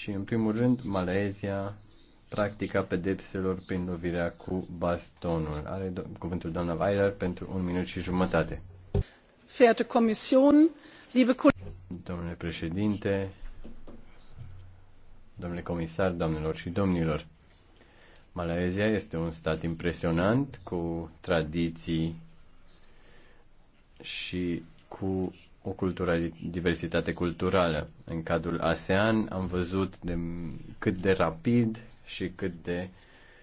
și, în primul rând, Malezia, practica pedepselor prin lovirea cu bastonul. Are do- cuvântul doamna Weiler pentru un minut și jumătate. Verehrte Comisiune, liebe Domnule președinte, domnule comisar, doamnelor și domnilor, Malaezia este un stat impresionant cu tradiții și cu o cultură, diversitate culturală. În cadrul ASEAN am văzut de, cât de rapid și cât de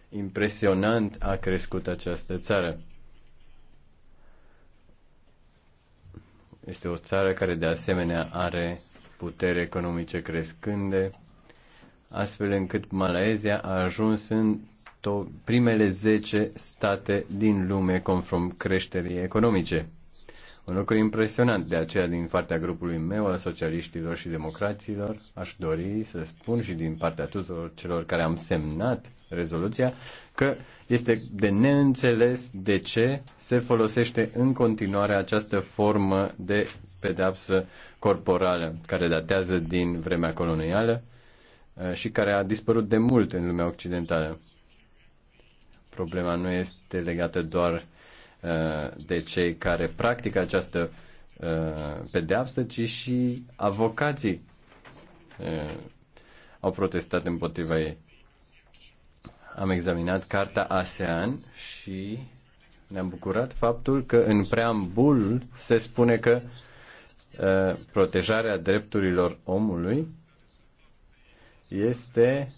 impresionant a crescut această țară. Este o țară care de asemenea are putere economice crescânde, astfel încât Malaezia a ajuns în primele 10 state din lume conform creșterii economice. Un lucru impresionant, de aceea din partea grupului meu al socialiștilor și democraților aș dori să spun și din partea tuturor celor care am semnat rezoluția că este de neînțeles de ce se folosește în continuare această formă de pedapsă corporală care datează din vremea colonială eh, și care a dispărut de mult în lumea occidentală. Problema nu este legată doar Uh, de cei care practică această uh, pedeapsă, ci și avocații uh, au protestat împotriva ei. Am examinat carta ASEAN și ne-am bucurat faptul că în preambul se spune că protejarea drepturilor omului este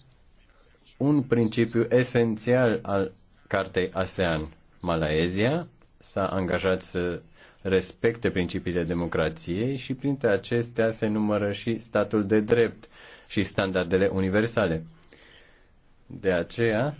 un principiu esențial al cartei ASEAN. Malaezia s-a angajat să respecte principiile democrației și printre acestea se numără și statul de drept și standardele universale. De aceea,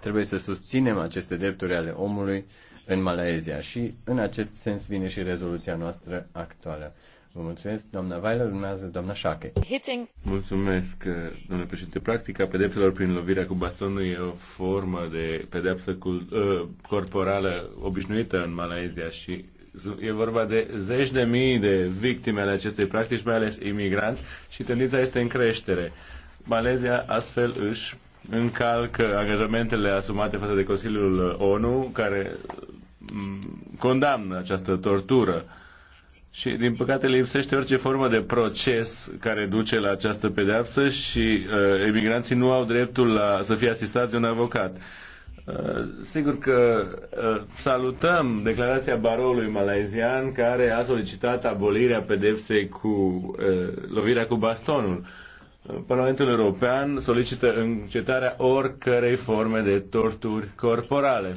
trebuie să susținem aceste drepturi ale omului în Malaezia și în acest sens vine și rezoluția noastră actuală. Vă mulțumesc, doamna Weiler, urmează doamna Șache. Hitting. Mulțumesc, uh, domnule președinte. Practica pedepselor prin lovirea cu bastonul e o formă de pedepsă cu, uh, corporală obișnuită în Malaezia și e vorba de zeci de mii de victime ale acestei practici, mai ales imigranți, și tendința este în creștere. Malezia astfel își încalcă angajamentele asumate față de Consiliul uh, ONU, care mm, condamnă această tortură și, din păcate, lipsește orice formă de proces care duce la această pedeapsă și uh, emigranții nu au dreptul la, să fie asistați de un avocat. Uh, sigur că uh, salutăm declarația baroului malaizian care a solicitat abolirea pedepsei cu uh, lovirea cu bastonul. Uh, Parlamentul European solicită încetarea oricărei forme de torturi corporale.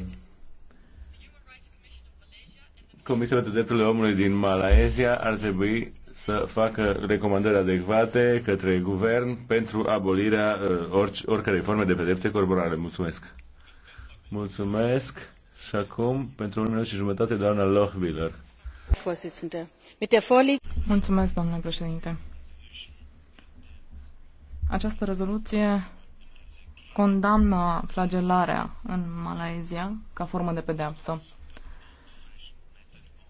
Comisia pentru Drepturile Omului din Malaezia ar trebui să facă recomandări adecvate către guvern pentru abolirea uh, oric- oricărei forme de pedepse corporale. Mulțumesc! Mulțumesc! Și acum, pentru un minut și jumătate, doamna Lochbiller. Mulțumesc, domnule președinte. Această rezoluție condamnă flagelarea în Malaezia ca formă de pedeapsă.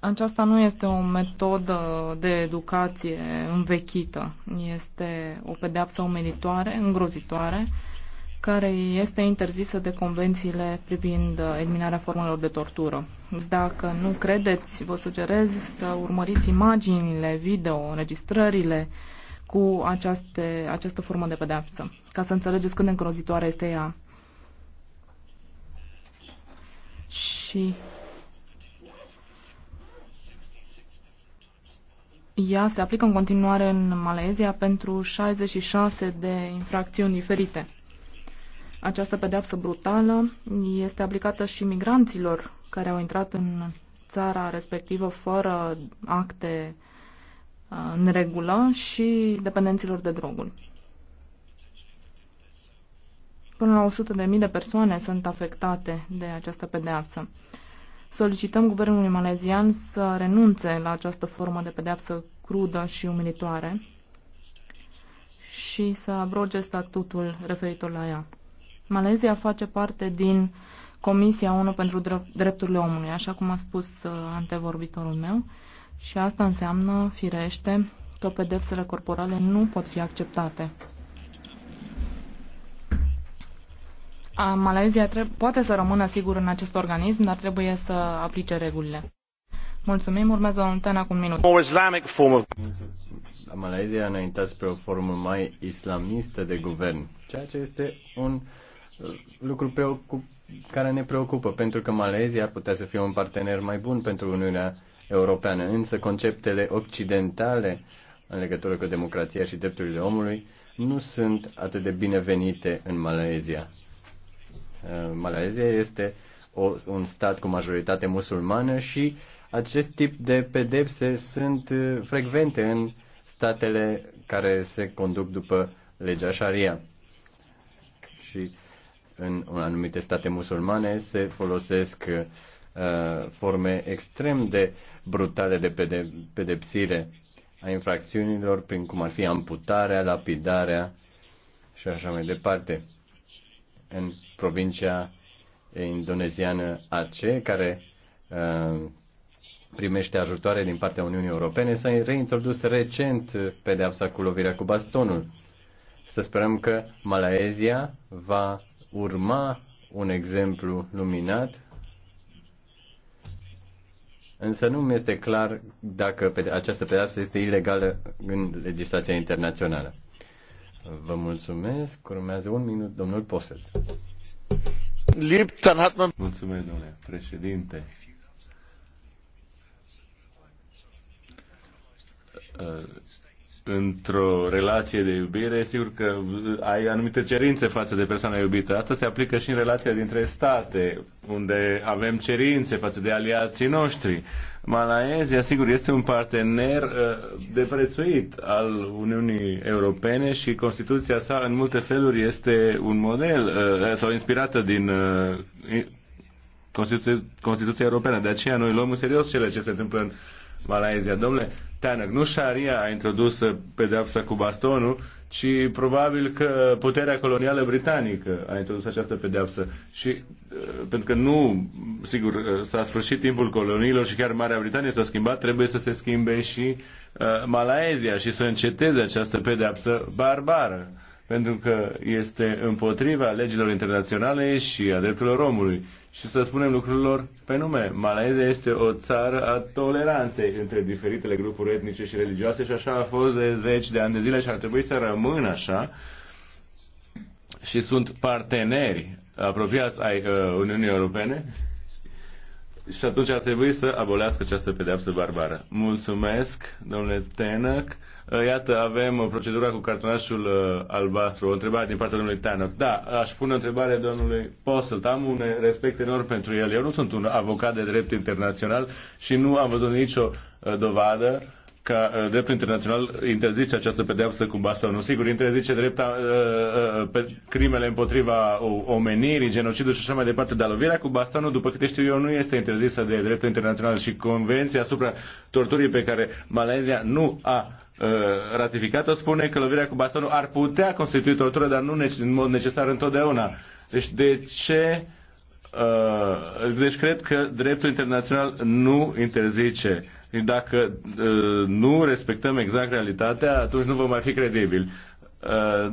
Aceasta nu este o metodă de educație învechită. Este o pedeapsă omenitoare, îngrozitoare, care este interzisă de convențiile privind eliminarea formelor de tortură. Dacă nu credeți, vă sugerez să urmăriți imaginile, video, înregistrările cu aceaste, această formă de pedeapsă, ca să înțelegeți cât de îngrozitoare este ea. Și ea se aplică în continuare în Malezia pentru 66 de infracțiuni diferite. Această pedeapsă brutală este aplicată și migranților care au intrat în țara respectivă fără acte uh, în regulă și dependenților de droguri. Până la 100.000 de persoane sunt afectate de această pedeapsă solicităm guvernului malezian să renunțe la această formă de pedeapsă crudă și umilitoare și să abroge statutul referitor la ea. Malezia face parte din Comisia ONU pentru Drepturile Omului, așa cum a spus uh, antevorbitorul meu, și asta înseamnă, firește, că pedepsele corporale nu pot fi acceptate. Malaezia poate să rămână sigur în acest organism, dar trebuie să aplice regulile. Mulțumim, urmează un cu un minut. Malaezia a înaintat spre o formă mai islamistă de guvern, ceea ce este un uh, lucru preocup, care ne preocupă, pentru că Malezia ar putea să fie un partener mai bun pentru Uniunea Europeană, însă conceptele occidentale în legătură cu democrația și drepturile omului nu sunt atât de binevenite în Malezia. Uh, Malaezia este o, un stat cu majoritate musulmană și acest tip de pedepse sunt uh, frecvente în statele care se conduc după legea Sharia. Și în anumite state musulmane se folosesc uh, forme extrem de brutale de pedepsire a infracțiunilor, prin cum ar fi amputarea, lapidarea și așa mai departe în provincia indoneziană Aceh, care uh, primește ajutoare din partea Uniunii Europene, s-a reintrodus recent pedeapsa cu lovirea cu bastonul. Să sperăm că Malaezia va urma un exemplu luminat, însă nu mi este clar dacă această pedeapsă este ilegală în legislația internațională. Vă mulțumesc. Urmează un minut, domnul Posel. Mulțumesc, domnule președinte. într-o relație de iubire, sigur că ai anumite cerințe față de persoana iubită. Asta se aplică și în relația dintre state, unde avem cerințe față de aliații noștri. Malaezia, sigur, este un partener uh, de prețuit al Uniunii Europene și Constituția sa, în multe feluri, este un model uh, sau inspirată din uh, Constituția, Constituția Europeană. De aceea noi luăm în serios cele ce se întâmplă în Malaezia. Domnule Tanăc, nu șaria a introdus pedeapsa cu bastonul, ci probabil că puterea colonială britanică a introdus această pedeapsă. Și uh, pentru că nu, sigur, uh, s-a sfârșit timpul coloniilor și chiar Marea Britanie s-a schimbat, trebuie să se schimbe și uh, Malaezia și să înceteze această pedeapsă barbară pentru că este împotriva legilor internaționale și a drepturilor omului și să spunem lucrurilor pe nume. Malaezia este o țară a toleranței între diferitele grupuri etnice și religioase și așa a fost de zeci de ani de zile și ar trebui să rămână așa și sunt parteneri apropiați ai uh, Uniunii Europene și atunci ar trebui să abolească această pedeapsă barbară. Mulțumesc, domnule Tenăc. Eh, iată, avem procedura cu cartonașul eh, albastru. O întrebare din partea domnului Tanoc. Da, aș pune o întrebare domnului Postel. Am un respect enorm pentru el. Eu nu sunt un avocat de drept internațional și nu am văzut nicio eh, dovadă ca dreptul internațional interzice această pedeapsă cu bastonul. Sigur, interzice drepta, pe crimele împotriva omenirii, genocidul și așa mai departe, dar lovirea cu bastonul, după câte știu eu, nu este interzisă de dreptul internațional și convenția asupra torturii pe care Malezia nu a Uh, ratificat-o spune că lovirea cu bastonul ar putea constitui tortură, dar nu în mod necesar întotdeauna. Deci de ce uh, deci cred că dreptul internațional nu interzice. Dacă uh, nu respectăm exact realitatea, atunci nu vom mai fi credibili.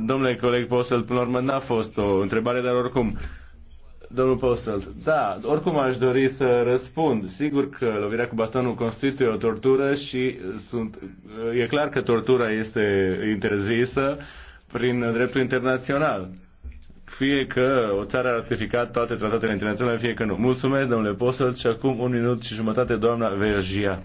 Domnule coleg Postel, până la urmă n-a fost o întrebare, dar oricum Domnul Postel, da, oricum aș dori să răspund. Sigur că lovirea cu bastonul constituie o tortură și sunt, e clar că tortura este interzisă prin dreptul internațional. Fie că o țară a ratificat toate tratatele internaționale, fie că nu. Mulțumesc, domnule Postel, și acum un minut și jumătate, doamna Vergia.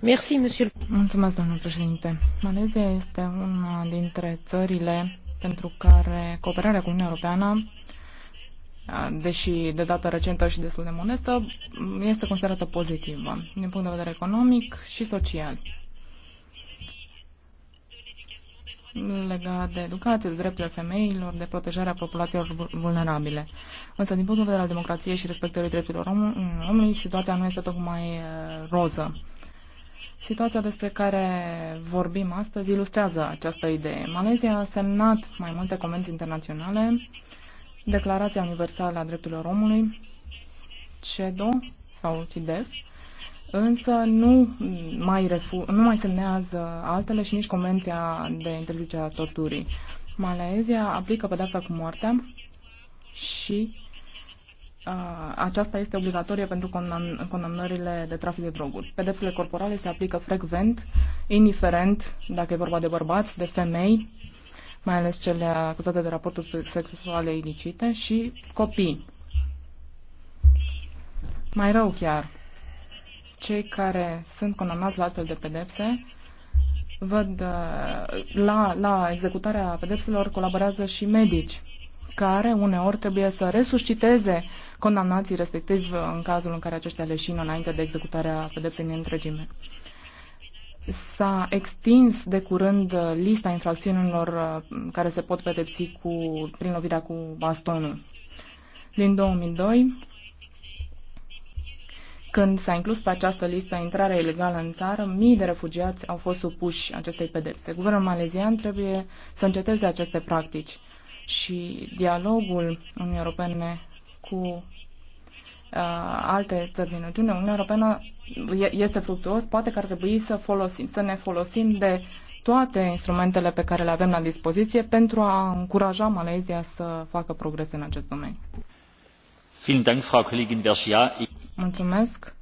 Merci, monsieur. Mulțumesc, domnule președinte. Malezia este una dintre țările pentru care cooperarea cu Uniunea Europeană deși de data recentă și destul de monestă, este considerată pozitivă din punct de vedere economic și social. legat de educație, de drepturile femeilor, de protejarea populațiilor vulnerabile. Însă, din punctul de vedere al democrației și respectării drepturilor omului, situația nu este tocmai roză. Situația despre care vorbim astăzi ilustrează această idee. Malezia a semnat mai multe convenții internaționale Declarația Universală a Drepturilor Omului, CEDO sau CIDES, însă nu mai, refu- nu mai semnează altele și nici Convenția de interzicere a torturii. Malaezia aplică pedeapsa cu moartea și uh, aceasta este obligatorie pentru condamn- condamnările de trafic de droguri. Pedepsele corporale se aplică frecvent, indiferent dacă e vorba de bărbați, de femei mai ales cele acuzate de raporturi sexuale ilicite și copii. Mai rău chiar, cei care sunt condamnați la astfel de pedepse văd uh, la, la executarea pedepselor colaborează și medici care uneori trebuie să resusciteze condamnații respectiv în cazul în care aceștia leșină înainte de executarea pedepsei în întregime. S-a extins de curând uh, lista infracțiunilor uh, care se pot pedepsi cu, prin lovirea cu bastonul. Din 2002, când s-a inclus pe această listă intrarea ilegală în țară, mii de refugiați au fost supuși acestei pedepse. Guvernul malezian trebuie să înceteze aceste practici și dialogul Uniunii Europene cu Uh, alte țări din regiune, Uniunea Europeană este fructuos, poate că ar trebui să, folosim, să ne folosim de toate instrumentele pe care le avem la dispoziție pentru a încuraja Malezia să facă progrese în acest domeniu. Mulțumesc.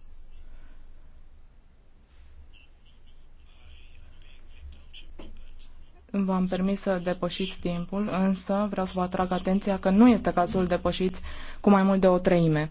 V-am permis să depășiți timpul, însă vreau să vă atrag atenția că nu este cazul depășiți cu mai mult de o treime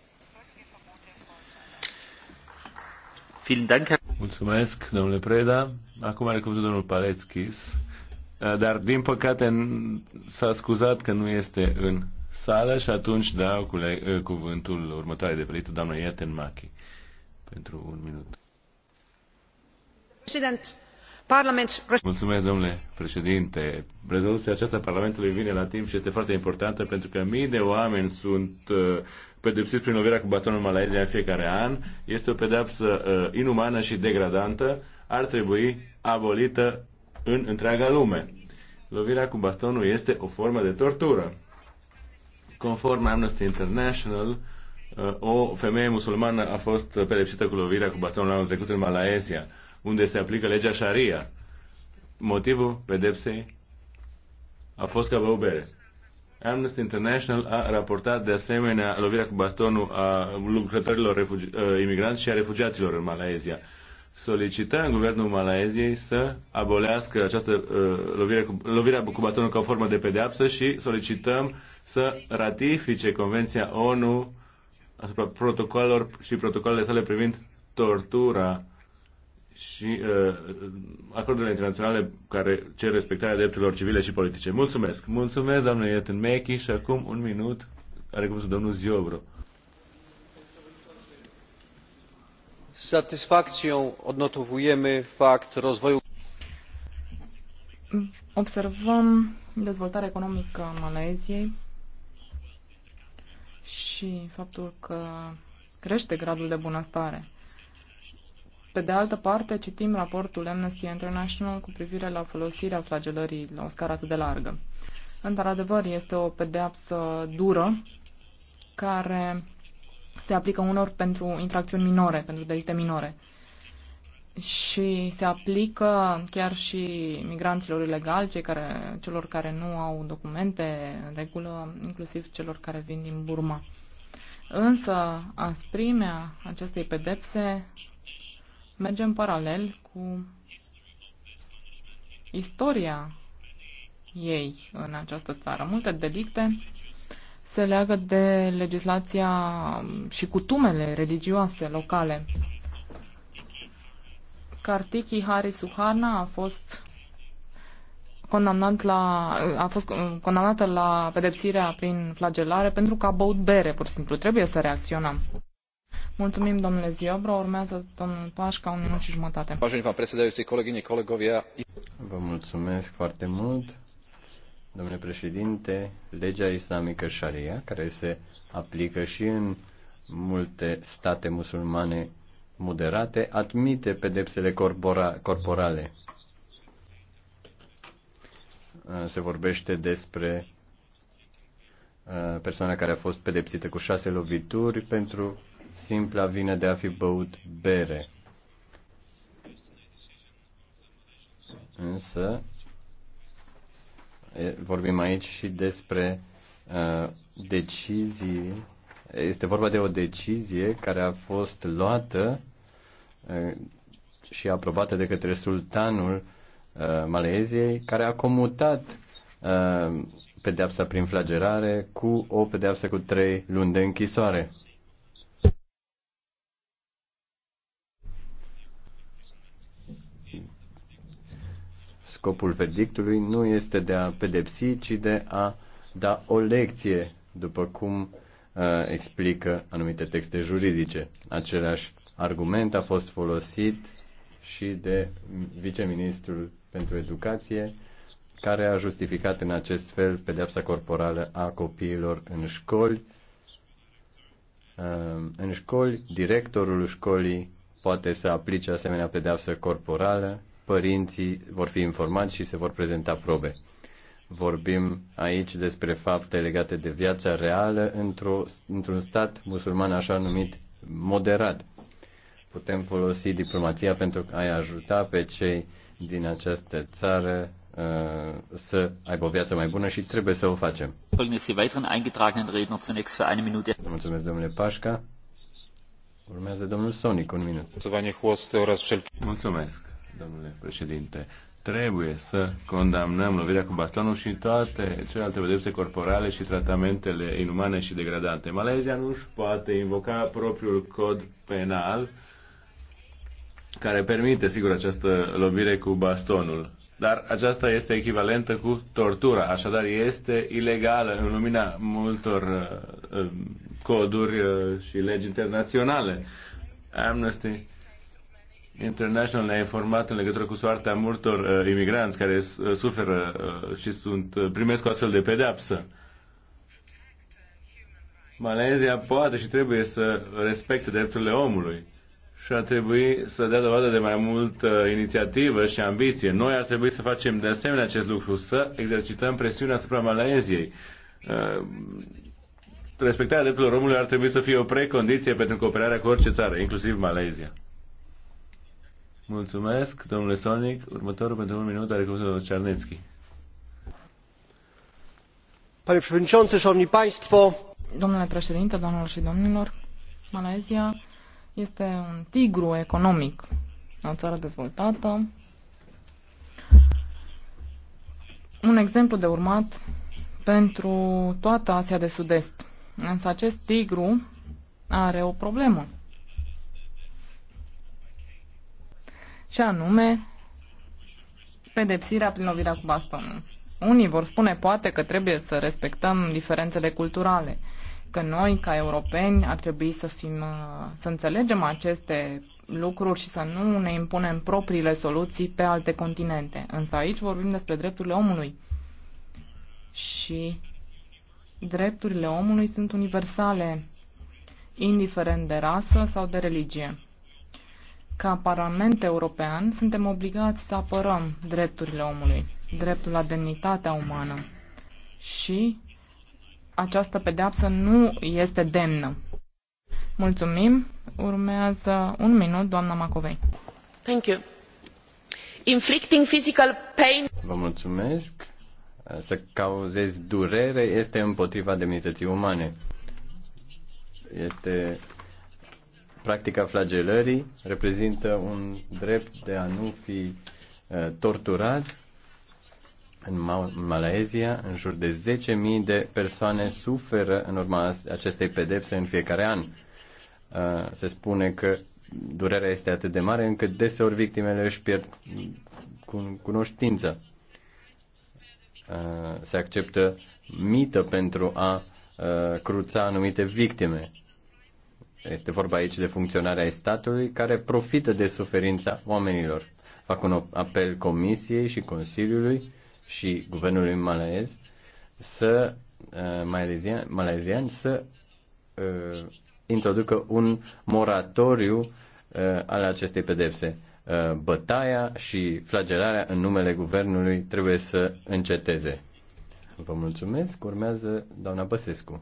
Mulțumesc, domnule Preda. Acum are cuvântul domnul Paleschis, uh, dar din păcate s-a scuzat că nu este în sală și atunci dau uh, cuvântul următoarei de pelită, doamna Iaten Machi, pentru un minut. President, Mulțumesc, domnule președinte. Rezoluția aceasta a Parlamentului vine la timp și este foarte importantă pentru că mii de oameni sunt uh, pedepsiți prin lovirea cu bastonul în Malaezia în fiecare an. Este o pedepsă uh, inumană și degradantă. Ar trebui abolită în întreaga lume. Lovirea cu bastonul este o formă de tortură. Conform Amnesty International, uh, o femeie musulmană a fost pedepsită cu lovirea cu bastonul anul trecut în Malaezia unde se aplică legea Sharia. Motivul pedepsei a fost ca o bere. Amnesty International a raportat de asemenea lovirea cu bastonul a lucrătorilor refugi- ă, imigranți și a refugiaților în Malaezia. în guvernul Malaeziei să abolească această uh, lovire cu, lovirea cu bastonul ca o formă de pedeapsă și solicităm să ratifice Convenția ONU asupra protocolelor și protocolele sale privind tortura și uh, acordurile internaționale care cer respectarea drepturilor civile și politice. Mulțumesc! Mulțumesc, doamnă Mechi, și acum un minut are cum să domnul Ziobro. Satisfacție satysfakcją odnotowujemy rozvoiul. Observăm dezvoltarea economică a Maleziei și faptul că crește gradul de bunăstare. Pe de altă parte, citim raportul Amnesty International cu privire la folosirea flagelării la o scară atât de largă. Într-adevăr, este o pedeapsă dură care se aplică unor pentru infracțiuni minore, pentru delicte minore. Și se aplică chiar și migranților ilegali, cei care, celor care nu au documente în regulă, inclusiv celor care vin din Burma. Însă, asprimea acestei pedepse merge în paralel cu istoria ei în această țară. Multe delicte se leagă de legislația și cutumele religioase locale. Kartiki Hari Suharna a fost condamnat la, a fost condamnată la pedepsirea prin flagelare pentru că a băut bere, pur și simplu. Trebuie să reacționăm. Mulțumim, domnule Ziobro. Urmează domnul Pașca, un minut și jumătate. Vážený pán predsedajúci, kolegyne, kolegovia. Vă mulțumesc foarte mult, domnule președinte. Legea islamică Sharia, care se aplică și în multe state musulmane moderate, admite pedepsele corpora, corporale. Se vorbește despre uh, persoana care a fost pedepsită cu șase lovituri pentru simpla vine de a fi băut bere. Însă, vorbim aici și despre uh, decizii. Este vorba de o decizie care a fost luată uh, și aprobată de către sultanul uh, Maleziei, care a comutat uh, pedeapsa prin flagerare cu o pedeapsă cu trei luni de închisoare. Scopul verdictului nu este de a pedepsi, ci de a da o lecție, după cum uh, explică anumite texte juridice. Același argument a fost folosit și de viceministrul pentru educație, care a justificat în acest fel pedepsa corporală a copiilor în școli. Uh, în școli, directorul școlii poate să aplice asemenea pedeapsă corporală părinții vor fi informați și se vor prezenta probe. Vorbim aici despre fapte legate de viața reală într-o, într-un stat musulman așa numit moderat. Putem folosi diplomația pentru a-i ajuta pe cei din această țară uh, să aibă o viață mai bună și trebuie să o facem. Mulțumesc, domnule Pașca. Urmează domnul Sonic, un minut. Mulțumesc domnule președinte. Trebuie să condamnăm lovirea cu bastonul și toate celelalte pedepse corporale și tratamentele inumane și degradante. Malezia nu își poate invoca propriul cod penal care permite, sigur, această lovire cu bastonul. Dar aceasta este echivalentă cu tortura, așadar este ilegală în lumina multor uh, uh coduri uh, și legi internaționale. Amnesty International ne-a informat în legătură cu soarta multor uh, imigranți care uh, suferă uh, și sunt, uh, primesc o astfel de pedeapsă. Malezia poate și trebuie să respecte drepturile omului și ar trebui să dea dovadă de mai multă inițiativă și ambiție. Noi ar trebui să facem de asemenea acest lucru, să exercităm presiunea asupra Uh, Respectarea drepturilor omului ar trebui să fie o precondiție pentru cooperarea cu orice țară, inclusiv Malezia. Mulțumesc, domnule Sonic. Următorul pentru un minut are cuvântul domnul Cernețchi. Panie președinte, șomni państwo. Domnule președinte, doamnelor și domnilor, Malezia este un tigru economic, o țară dezvoltată. Un exemplu de urmat pentru toată Asia de Sud-Est. Însă acest tigru are o problemă. și anume pedepsirea prin lovirea cu bastonul. Unii vor spune poate că trebuie să respectăm diferențele culturale, că noi, ca europeni, ar trebui să, fim, uh, să înțelegem aceste lucruri și să nu ne impunem propriile soluții pe alte continente. Însă aici vorbim despre drepturile omului. Și drepturile omului sunt universale, indiferent de rasă sau de religie ca Parlament European, suntem obligați să apărăm drepturile omului, dreptul la demnitatea umană. Și această pedeapsă nu este demnă. Mulțumim. Urmează un minut, doamna Macovei. Thank you. Inflicting physical pain. Vă mulțumesc. Să cauzezi durere este împotriva demnității umane. Este Practica flagelării reprezintă un drept de a nu fi uh, torturat. În Malaezia, în jur de 10.000 de persoane suferă în urma acestei pedepse în fiecare an. Uh, se spune că durerea este atât de mare încât deseori victimele își pierd cunoștința. Uh, se acceptă mită pentru a cruța anumite victime. Este vorba aici de funcționarea statului care profită de suferința oamenilor. Fac un apel Comisiei și Consiliului și Guvernului Malaez să uh, malezian, malezian să uh, introducă un moratoriu uh, al acestei pedepse. Uh, bătaia și flagelarea în numele guvernului trebuie să înceteze. Vă mulțumesc. Urmează doamna Băsescu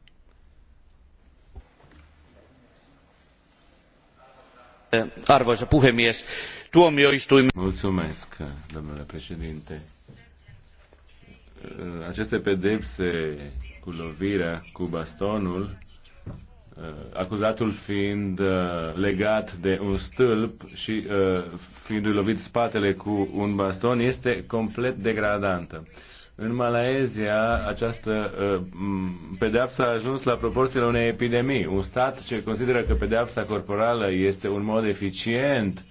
arvoisa puhemies tuomioistuin domnule președinte. Aceste pedepse cu lovirea, cu bastonul, acuzatul fiind uh, legat de un stâlp și uh, fiindu-i lovit spatele cu un baston, este complet degradantă în Malaezia, această ă, pedeapsă a ajuns la proporțiile unei epidemii. Un stat ce consideră că pedeapsa corporală este un mod eficient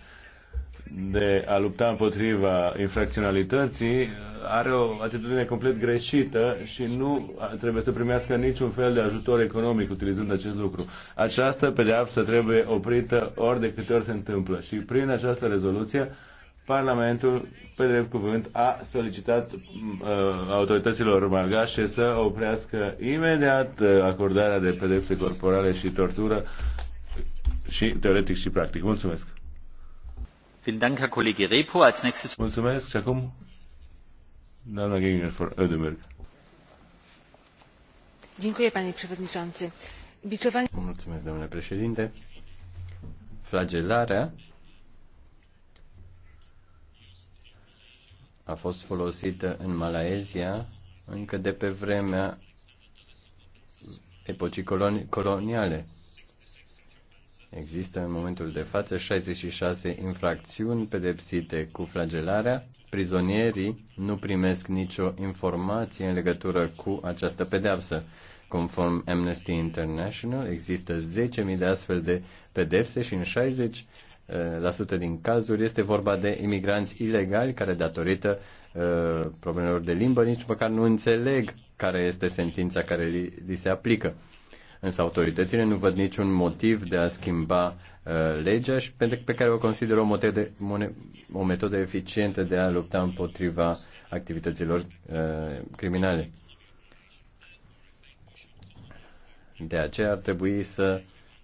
de a lupta împotriva infracționalității are o atitudine complet greșită și nu trebuie să primească niciun fel de ajutor economic utilizând acest lucru. Această pedeapsă trebuie oprită ori de câte ori se întâmplă și prin această rezoluție Parlamentul, pe drept cuvânt, a solicitat uh, autorităților malgașe să oprească imediat uh, acordarea de pedepse corporale și tortură și teoretic și practic. Mulțumesc! Mulțumesc și acum doamna Gengel for Ödeberg. Dziękuję, panie przewodniczący. Biczowanie... Mulțumesc, domnule președinte. Flagelarea a fost folosită în Malaezia încă de pe vremea epocii coloniale. Există în momentul de față 66 infracțiuni pedepsite cu flagelarea. Prizonierii nu primesc nicio informație în legătură cu această pedeapsă. Conform Amnesty International, există 10.000 de astfel de pedepse și în 60 90% din cazuri este vorba de imigranți ilegali care datorită uh, problemelor de limbă nici măcar nu înțeleg care este sentința care li, li se aplică. Însă autoritățile nu văd niciun motiv de a schimba uh, legea și pe, pe care o consider o, mone, o metodă eficientă de a lupta împotriva activităților uh, criminale. De aceea ar trebui să uh,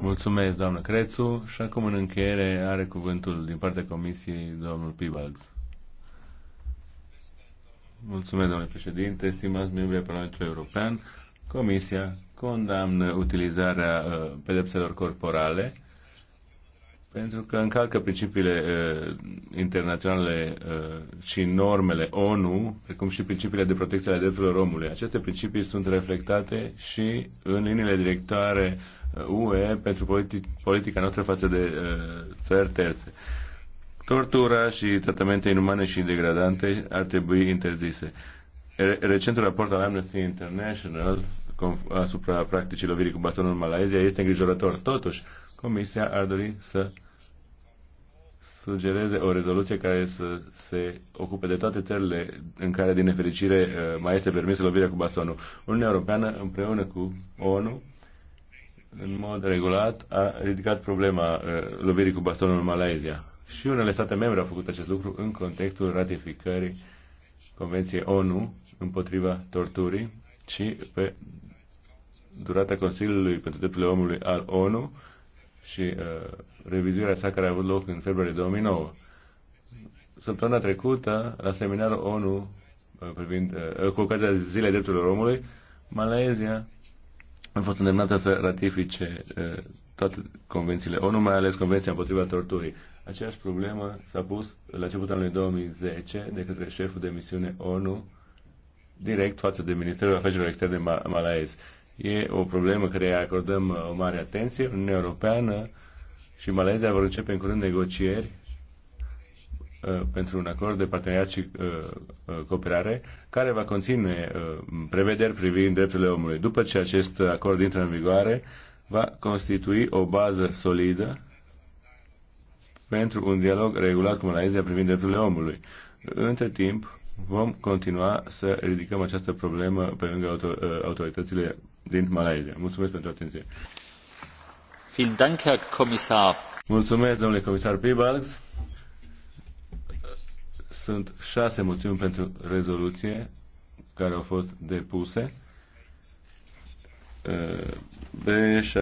Mulțumesc, doamnă Crețu. Și acum, în încheiere, are cuvântul din partea Comisiei domnul Pibalgs. Mulțumesc, domnule președinte, stimați membri ai Parlamentului European. Comisia condamnă utilizarea uh, pedepselor corporale pentru că încalcă principiile uh, internaționale uh, și normele ONU, precum și principiile de protecție ale drepturilor omului. Aceste principii sunt reflectate și în liniile directoare uh, UE pentru politi- politica noastră față de uh, țări terțe. Tortura și tratamente inumane și degradante ar trebui interzise. Recentul raport al Amnesty International asupra practicii lovirii cu bastonul în Malaezia este îngrijorător. Totuși, Comisia ar dori să sugereze o rezoluție care să se ocupe de toate țările în care, din nefericire, uh, mai este permisă lovirea cu bastonul. Uniunea Europeană, împreună cu ONU, în mod regulat, a ridicat problema uh, lovirii cu bastonul în Malaysia. Și unele state membre au făcut acest lucru în contextul ratificării Convenției ONU împotriva torturii și pe durata Consiliului pentru Drepturile Omului al ONU și uh, revizuirea sa care a avut loc în februarie 2009. Săptămâna trecută, la seminarul ONU uh, privind, uh, cu ocazia Zilei Drepturilor Omului, Malaezia a fost îndemnată să ratifice uh, toate convențiile ONU, mai ales Convenția împotriva torturii. Aceeași problemă s-a pus la începutul anului 2010 de către șeful de misiune ONU direct față de Ministerul Afacerilor Externe Malaez. E o problemă care acordăm uh, o mare atenție. Uniunea Europeană și Malezia vor începe în curând negocieri uh, pentru un acord de parteneriat și uh, cooperare care va conține prevederi privind drepturile omului. După ce acest acord intră în vigoare, va constitui o bază solidă pentru un dialog regulat cu Malezia privind drepturile omului. Între timp, vom continua să ridicăm această problemă pe lângă autoritățile din Malaysia. Mulțumesc pentru atenție. Vielen Dank, Herr Kommissar. Mulțumesc, domnule comisar Pibalgs. Sunt șase moțiuni pentru rezoluție care au fost depuse. Be